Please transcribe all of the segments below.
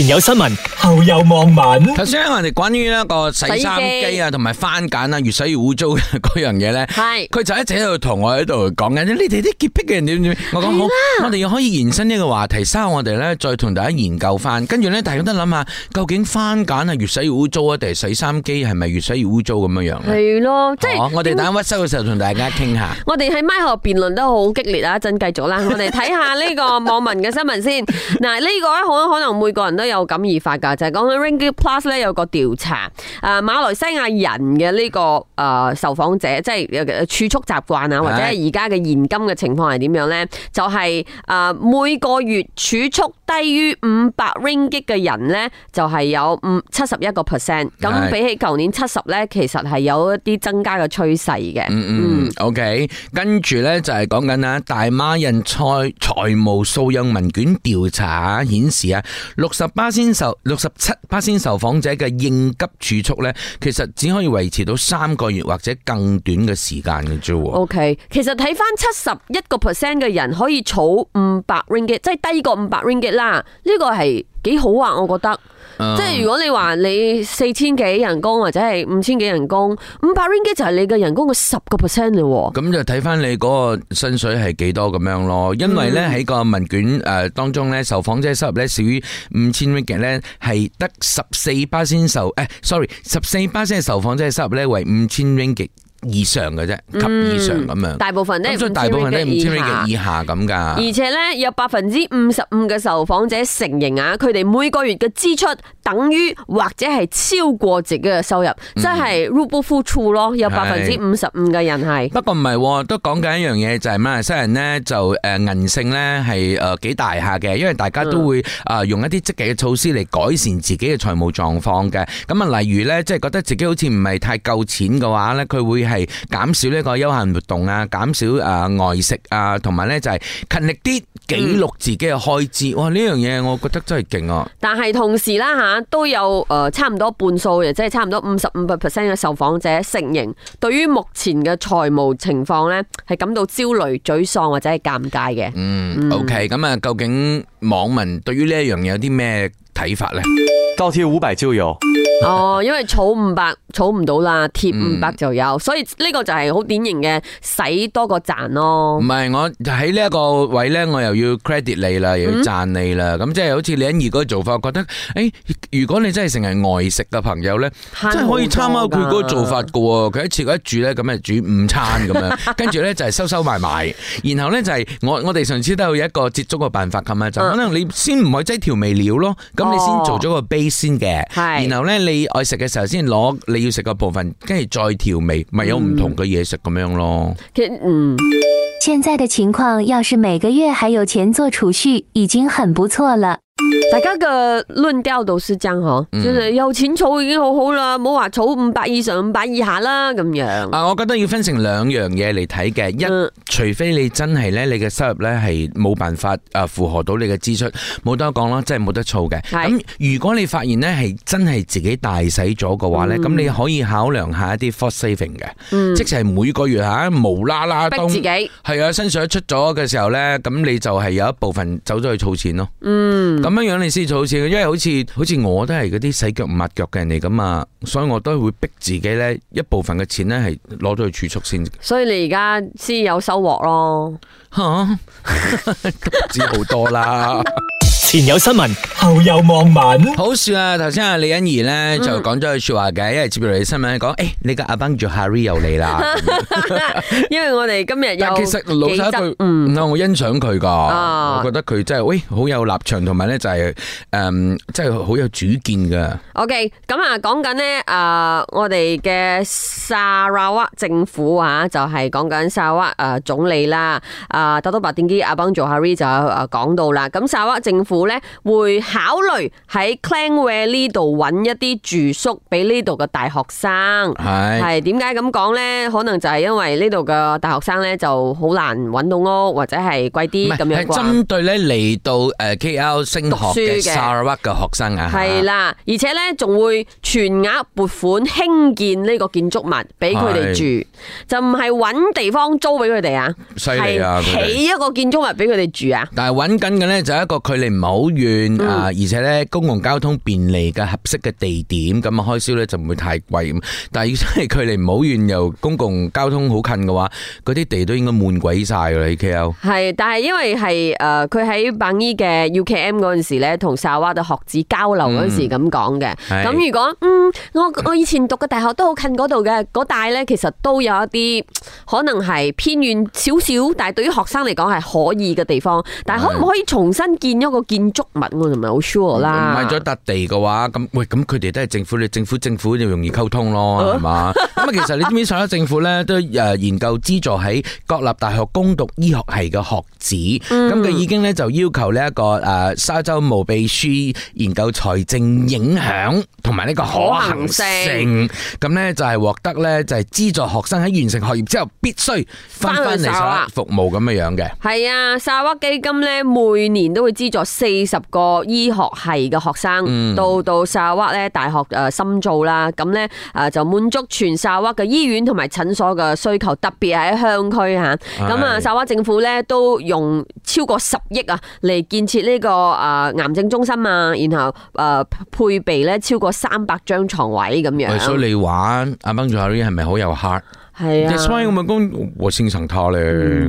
前有新聞，後有網民。頭先咧，我哋關於一個洗衫機啊，同埋翻鹼啦，越洗越污糟嗰樣嘢咧，係佢就一直喺度同我喺度講緊。你哋啲潔癖嘅人點點？我講好我哋要可以延伸一個話題，稍後我哋咧再同大家研究翻。跟住咧，大家都諗下，究竟翻鹼係越洗越污糟啊，定係洗衫機係咪越洗越污糟咁樣樣咧？係咯，即係我哋等屈收嘅時候同大家傾下。我哋喺麥入邊辯論都好激烈啊！一陣繼續啦，我哋睇下呢個網民嘅新聞先。嗱，呢個咧可可能每個人都。有感而發㗎，就係、是、講緊 Ringgit Plus 咧有個調查，啊馬來西亞人嘅呢、這個誒、呃、受訪者，即係儲蓄習慣啊，或者係而家嘅現金嘅情況係點樣呢？是就係誒每個月儲蓄低於五百 Ringgit 嘅人呢，就係有五七十一個 percent，咁比起舊年七十呢，其實係有一啲增加嘅趨勢嘅。是嗯 OK 跟住呢就係講緊啊大馬人財財務素養問卷調查啊顯示啊六十巴仙受六十七巴仙受訪者嘅應急儲蓄咧，其實只可以維持到三個月或者更短嘅時間嘅啫。Okay，其實睇翻七十一個 percent 嘅人可以儲五百 ringgit，即係低過五百 ringgit 啦。呢個係幾好啊，我覺得。即係如果你話你四千幾人工，或者係五千幾人工，五百 ringgit 就係你嘅人工嘅十個 percent 咯。咁、嗯、就睇翻你嗰個薪水係幾多咁樣咯。因為呢，喺個問卷誒當中呢，受訪者收入呢，少於五千 ringgit 咧，係得十四巴仙受誒、哎、sorry 十四巴仙嘅受訪者收入呢為五千 ringgit。以上嘅啫，及以上咁、嗯、樣，大部分咧都係五千蚊嘅以下，而且咧有百分之五十五嘅受訪者承認啊，佢哋每個月嘅支出，等於或者係超過自己嘅收入，即係入不敷出咯，有百分之五十五嘅人係。不過唔係，都講緊一樣嘢，就係馬來西亞人咧，就誒韌性咧係誒幾大下嘅，因為大家都會誒用一啲積極嘅措施嚟改善自己嘅財務狀況嘅。咁啊，例如咧，即係覺得自己好似唔係太夠錢嘅話咧，佢會係減少呢個休閒活動啊，減少誒外食啊，同埋咧就係勤力啲記錄自己嘅開支。哇，呢樣嘢我覺得真係勁啊！但係同時啦吓。都有誒、呃，差唔多半數，嘅，即係差唔多五十五個 percent 嘅受訪者承認，對於目前嘅財務情況咧，係感到焦慮、沮喪或者係尷尬嘅。嗯，嗯，OK，咁啊，究竟網民對於呢一樣嘢有啲咩睇法咧，多貼五百就有，哦、嗯，因為儲五百儲唔到啦，貼五百就有，所以呢個就係好典型嘅使多過賺咯。唔係我喺呢一個位咧，我又要 credit 你啦，又要讚你啦，咁即係好似李欣怡嗰個做法，覺得誒、欸，如果你真係成日外食嘅朋友咧，即係可以參考佢嗰個做法噶喎，佢一次佢一煮咧，咁咪煮午餐咁樣，跟住咧就係收收埋埋，然後咧就係我我哋上次都有一個接觸嘅辦法，咁啊就可能你先唔係擠調味料咯，咁、嗯。你、哦、先做咗個 base 是先嘅，係，然後咧你愛食嘅時候先攞你要食嘅部分，跟住再調味，咪有唔同嘅嘢食咁樣咯。其實嗯，嗯，現在的情況，要是每個月還有錢做儲蓄，已經很不錯了。大家嘅論調都是咁嗬，就是有錢儲已經好好啦，冇話儲五百以上五百以下啦咁樣。啊，我覺得要分成兩樣嘢嚟睇嘅，一，除非你真係咧，你嘅收入咧係冇辦法誒符合到你嘅支出，冇得講啦，真係冇得儲嘅。咁如果你發現咧係真係自己大使咗嘅話咧，咁你可以考量下一啲 four saving 嘅，即係每個月吓無啦啦逼自己，係啊，薪水出咗嘅時候咧，咁你就係有一部分走咗去儲錢咯。嗯。咁樣樣你先做儲錢，因為好似好似我都係嗰啲洗腳抹腳嘅人嚟㗎嘛，所以我都會逼自己呢一部分嘅錢呢係攞咗去儲蓄先。所以你而家先有收穫咯。嚇哈，知 好多啦。 前有新聞，後有網民。好笑啊！頭先阿李欣怡咧就講咗句說話嘅，因為接落嚟嘅新聞咧講，誒，呢個阿邦做 Harry 又嚟啦。因為我哋今日又其實老實一句，嗯，我欣賞佢噶，我覺得佢真係，喂，好有立場，同埋咧就係，誒，真係好有主見噶。OK，咁啊，講緊咧，誒，我哋嘅薩瓦政府吓，就係講緊薩瓦誒總理啦，啊，拿督巴丁宜阿邦做 Harry 就誒講到啦，咁薩瓦政府。咧會考慮喺 Klang 呢度揾一啲住宿俾呢度嘅大學生，係點解咁講咧？可能就係因爲呢度嘅大學生咧就好難揾到屋，或者係貴啲咁樣啩。針對咧嚟到誒 KL 升學嘅砂拉越嘅學生啊，係啦，而且咧仲會全額撥款興建呢個建築物俾佢哋住，就唔係揾地方租俾佢哋啊，係啊，起一個建築物俾佢哋住啊。但係揾緊嘅咧就係一個距離唔遠。唔好遠啊，而且咧公共交通便利嘅合適嘅地點，咁啊開銷咧就唔會太貴。咁但係因為距離唔好遠又公共交通好近嘅話，嗰啲地都應該悶鬼晒㗎啦。K L 係，但係因為係誒，佢喺棒衣嘅 U K M 嗰陣時咧，同沙灣嘅學子交流嗰陣時咁講嘅。咁如果嗯，我我以前讀嘅大學都好近嗰度嘅，嗰帶咧其實都有一啲可能係偏遠少少，但係對於學生嚟講係可以嘅地方。但係可唔可以重新建一個建？建築物我就唔係好 sure 啦。買咗笪地嘅話，咁喂，咁佢哋都係政府，你政府政府就容易溝通咯，係嘛？咁啊，其實你知唔知上一政府咧都誒研究資助喺國立大學攻讀醫學系嘅學子，咁佢已經咧就要求呢一個誒沙洲秘書處研究財政影響同埋呢個可行性，咁咧就係獲得咧就係資助學生喺完成學業之後必須翻返嚟沙服務咁嘅樣嘅。係啊，沙娃基金咧每年都會資助。四十個醫學系嘅學生到、嗯、到沙灣咧大學誒深造啦，咁咧誒就滿足全沙灣嘅醫院同埋診所嘅需求，特別喺鄉區吓。咁啊、嗯，沙灣政府咧都用超過十億啊嚟，建設呢、這個誒、呃、癌症中心啊，然後誒配備咧超過三百張床位咁樣、哎。所以你玩阿 b e n 係咪好有 heart？係啊。是是啊我咪講，我欣賞他咧。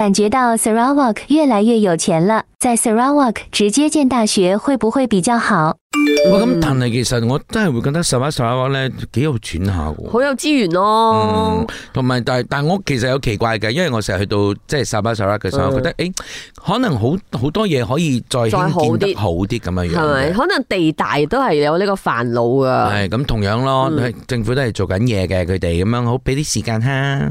感覺到 Sarawak 越來越有錢了，在 Sarawak 直接建大學會唔會比較好？我咁睇嚟，哦、但其實我真係會覺得沙巴、沙拉咧幾有轉下嘅。好有資源咯，同埋、嗯、但係但係我其實有奇怪嘅，因為我成日去到即係沙巴、沙拉嘅時候，的我覺得誒，可能好好多嘢可以再建得好啲咁嘅樣，係可能地大都係有呢個煩惱噶。係咁同樣咯，嗯、政府都係做緊嘢嘅，佢哋咁樣好俾啲時間吓。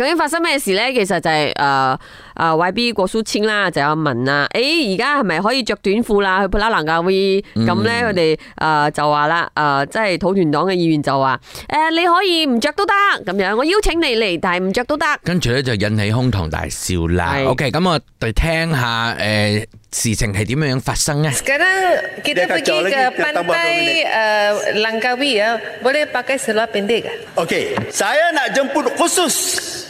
究竟發生咩事咧？其實就係誒誒 YB 郭素沁啦，就有問啦，誒而家係咪可以着短褲啦去浮羅交怡咁咧？佢哋誒就話啦，誒即係土團黨嘅議員就話，誒你可以唔着都得咁樣，我邀請你嚟，但係唔着都得。跟住咧就引起哄堂大笑啦。OK，咁我哋聽下誒事情係點樣樣發生咧。記得記得呢個婚禮誒蘭加威啊，我哋拍嘅是畫片嘅。OK，saya nak jumpun khusus。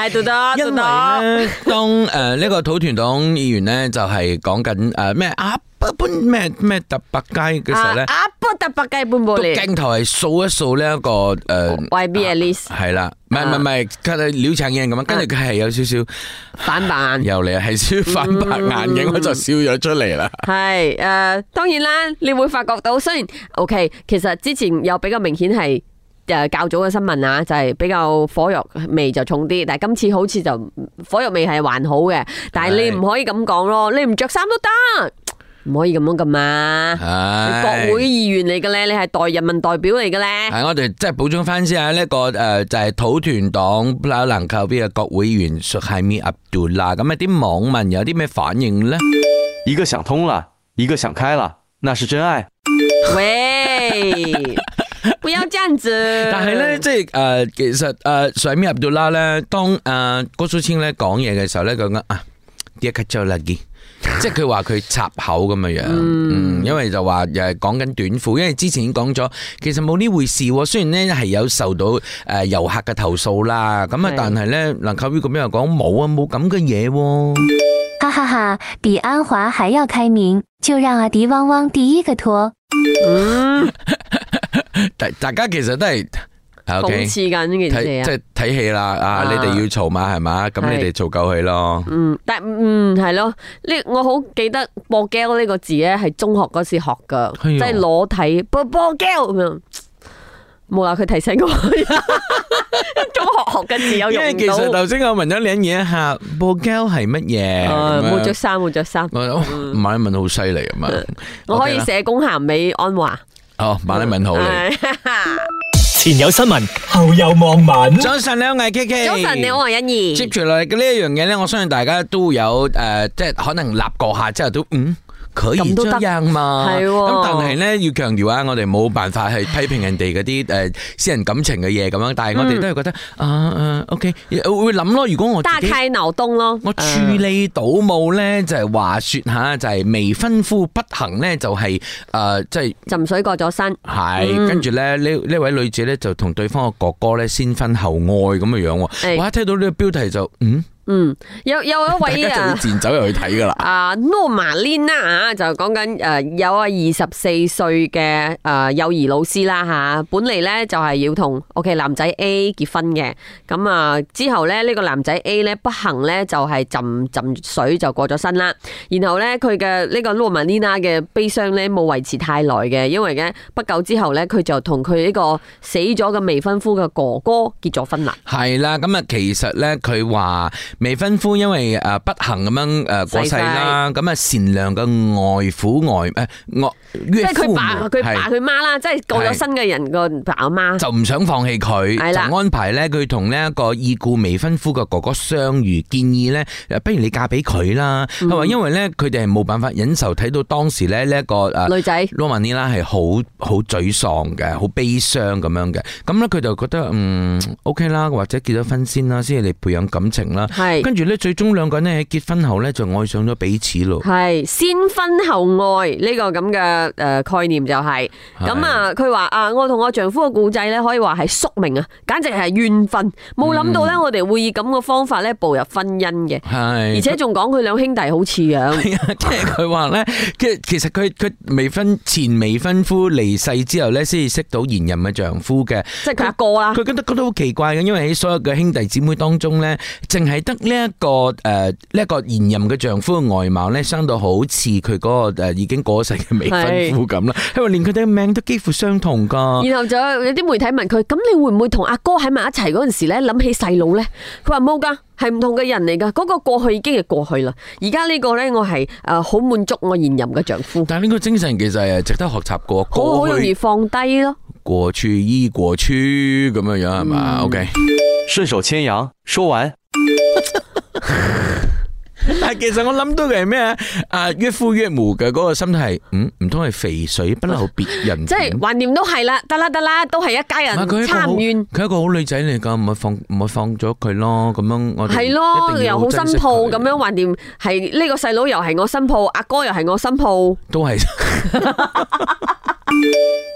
係多多，因為咧當誒呢個土團黨議員咧就係講緊誒咩啊搬咩咩特百佳嘅時候咧，啊搬特百佳搬部嚟，鏡頭係掃一掃呢一個誒 Y B A list 係啦，唔係唔係唔係，佢係鳥巢影咁樣，跟住佢係有少少反白眼，又嚟係少反白眼影，我就笑咗出嚟啦。係誒，當然啦，你會發覺到雖然 O K，其實之前又比較明顯係。誒，較早嘅新聞啊，就係比較火藥味就重啲，但係今次好似就火藥味係還好嘅，但係你唔可以咁講咯，你唔着衫都得，唔可以咁樣咁啊！係國會議員嚟嘅咧，你係代人民代表嚟嘅咧。係我哋即係補充翻先啊，呢個誒就係土團黨拉蘭寇邊嘅國會議員說係咪阿都拉？咁一啲網民有啲咩反應咧？一個想通啦，一個想開了，那是真愛。喂。要這樣子， 但係咧，即係誒，其實誒，上面入到啦咧，當誒郭素沁咧講嘢嘅時候咧，講緊啊，即係佢話佢插口咁嘅樣，嗯， 因為就話又係講緊短褲，因為之前已經講咗，其實冇呢回事，雖然呢係有受到誒遊客嘅投訴啦，咁啊，但係咧，嗱，靠邊咁樣講冇啊，冇咁嘅嘢，哈哈哈，比安華還要開明，就讓阿迪汪汪第一個脫。大大家其實都係諷刺緊呢件事啊，即係睇戲啦，啊你哋要嘈嘛係嘛，咁你哋嘈夠氣咯。嗯，但嗯係咯，呢我好記得 bogel 呢個字咧，係中學嗰時學噶，即係裸體 bo bogel 咁樣。冇啦，佢提醒我中學學嘅字有用到。因為其實頭先我問咗兩嘢一下，bogel 係乜嘢？冇着衫，冇着衫。問得好犀利啊嘛，我可以寫工咸美安華。好，麻煩問好你。前有新聞，後有網民。早晨，你好，艾琪琪。早晨，你好，欣怡。接住落嚟嘅呢一樣嘢咧，我相信大家都有誒，即係可能立過下之後都嗯。佢而家一樣嘛，係喎。咁但係咧，要強調啊，我哋冇辦法去批評人哋嗰啲誒私人感情嘅嘢咁樣。但係我哋都係覺得啊啊，OK，會諗咯。如果我大開腦洞咯，我處理倒冇咧，就係話說吓，就係未婚夫不幸咧，就係誒，即係浸水過咗身。係跟住咧呢呢位女子咧就同對方嘅哥哥咧先婚後愛咁嘅樣。我一聽到呢個標題就嗯。嗯，有有一位啊，走入去睇噶啦。啊，Norma Lina 啊，就講緊誒，有啊二十四歲嘅誒幼兒老師啦吓，本嚟咧就係、是、要同 O K 男仔 A 結婚嘅，咁、嗯、啊之後咧呢、這個男仔 A 咧不幸咧就係、是、浸浸水就過咗身啦，然後咧佢嘅呢個 Norma Lina 嘅悲傷咧冇維持太耐嘅，因為咧不久之後咧佢就同佢呢個死咗嘅未婚夫嘅哥哥結咗婚啦。係啦，咁啊其實咧佢話。未婚夫因為誒不幸咁樣誒過世啦。咁啊世善良嘅外父外誒岳、呃呃、即係佢爸佢爸佢媽啦，他他媽媽是即係過咗身嘅人個阿媽，是就唔想放棄佢，的就安排咧佢同呢一個已故未婚夫嘅哥哥相遇，建議咧，不如你嫁俾佢啦。佢話、嗯、因為咧，佢哋係冇辦法忍受睇到當時咧呢一個誒女仔 Lomani 啦，係好好沮喪嘅，好、呃、悲傷咁樣嘅。咁咧佢就覺得嗯 OK 啦，或者結咗婚先啦，先你培養感情啦。係，跟住咧，最終兩個人咧喺結婚後咧就愛上咗彼此咯。係先婚後愛呢個咁嘅誒概念就係，咁啊佢話啊，我同我丈夫嘅故仔咧可以話係宿命啊，簡直係緣分，冇諗到咧我哋會以咁嘅方法咧步入婚姻嘅。係，而且仲講佢兩兄弟好似樣，即係佢話咧，其實其實佢佢未婚前未婚夫離世之後咧先至識到現任嘅丈夫嘅，即係佢阿哥啦。佢覺得覺得好奇怪嘅，因為喺所有嘅兄弟姊妹當中咧，淨係得。呢一個誒，呢一個現任嘅丈夫嘅外貌咧，生到好似佢嗰個誒已經過世嘅未婚夫咁啦，因為連佢哋嘅命都幾乎相同噶。然後就有啲媒體問佢，咁你會唔會同阿哥喺埋一齊嗰陣時咧諗起細佬咧？佢話冇噶，係唔同嘅人嚟噶。嗰個過去已經係過去啦，而家呢個咧，我係誒好滿足我現任嘅丈夫。但係呢個精神其實誒值得學習過，好好容易放低咯。過去已過去咁樣係嘛？OK，順手牽羊，說完。 但係其實我諗到嘅係咩啊？啊岳父岳母嘅嗰個心態，嗯唔通係肥水不流別人田，即係橫掂都係啦，得啦得啦，都係一家人，差唔遠。佢係一個好女仔嚟噶，唔係放唔係放咗佢咯。咁樣我係咯，又好新抱咁樣橫掂，係、這、呢個細佬又係我新抱，阿哥又係我新抱，都係是笑。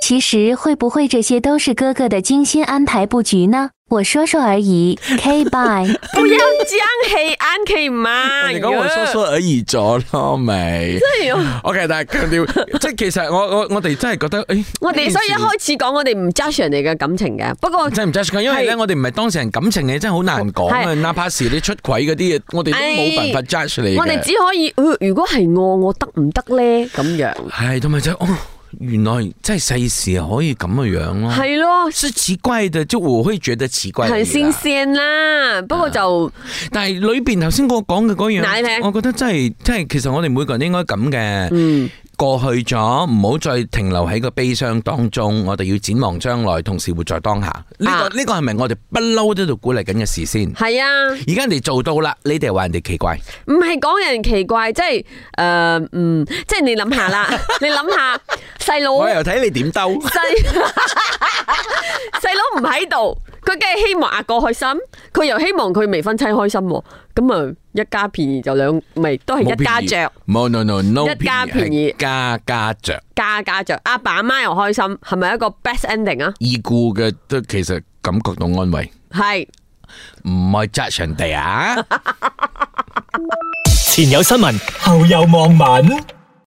其實會唔會這些都是哥哥的精心安排布局呢？我說說而已，k bye。不要將黑暗，啱唔啱？你跟我說說而已，咗到未？真係，OK，但係強調，即係其實我我我哋真係覺得，誒、哎， 我哋所以一開始講我哋唔 judge 人哋嘅感情嘅，不過真唔 judge，因為咧我哋唔係當事人感情嘅，真係好難講啊！哪怕是你出軌嗰啲嘢，我哋都冇辦法 judge 你、哎。我哋只可以，如果係我，我得唔得咧？咁樣係，同埋即係。 原來真係世事可以咁樣、啊、咯，係咯，是奇怪的，就我可以覺得奇怪、啊。先鮮啦，不過就但係裏邊頭先我講嘅嗰樣，我覺得真係真係，其實我哋每個人都應該咁嘅。嗯。過去咗，唔好再停留喺個悲傷當中，我哋要展望將來，同時活在當下。呢、這個呢個係咪我哋不嬲都喺度鼓勵緊嘅事先？係啊，而、啊、家人哋做到啦，你哋話人哋奇怪，唔係講人奇怪，即係誒、呃，嗯，即係你諗下啦， 你諗下細佬，弟弟我又睇你點兜細細佬唔喺度，佢梗係希望阿哥開心，佢又希望佢未婚妻開心。咁啊，一家便宜就兩，咪都係一家着。冇，no，no，no，一家便宜，家家着，家家着。阿爸阿媽又開心，係咪一個 best ending 啊？已故嘅都其實感覺到安慰。係，唔係紮上帝啊？前有新聞，後有網民。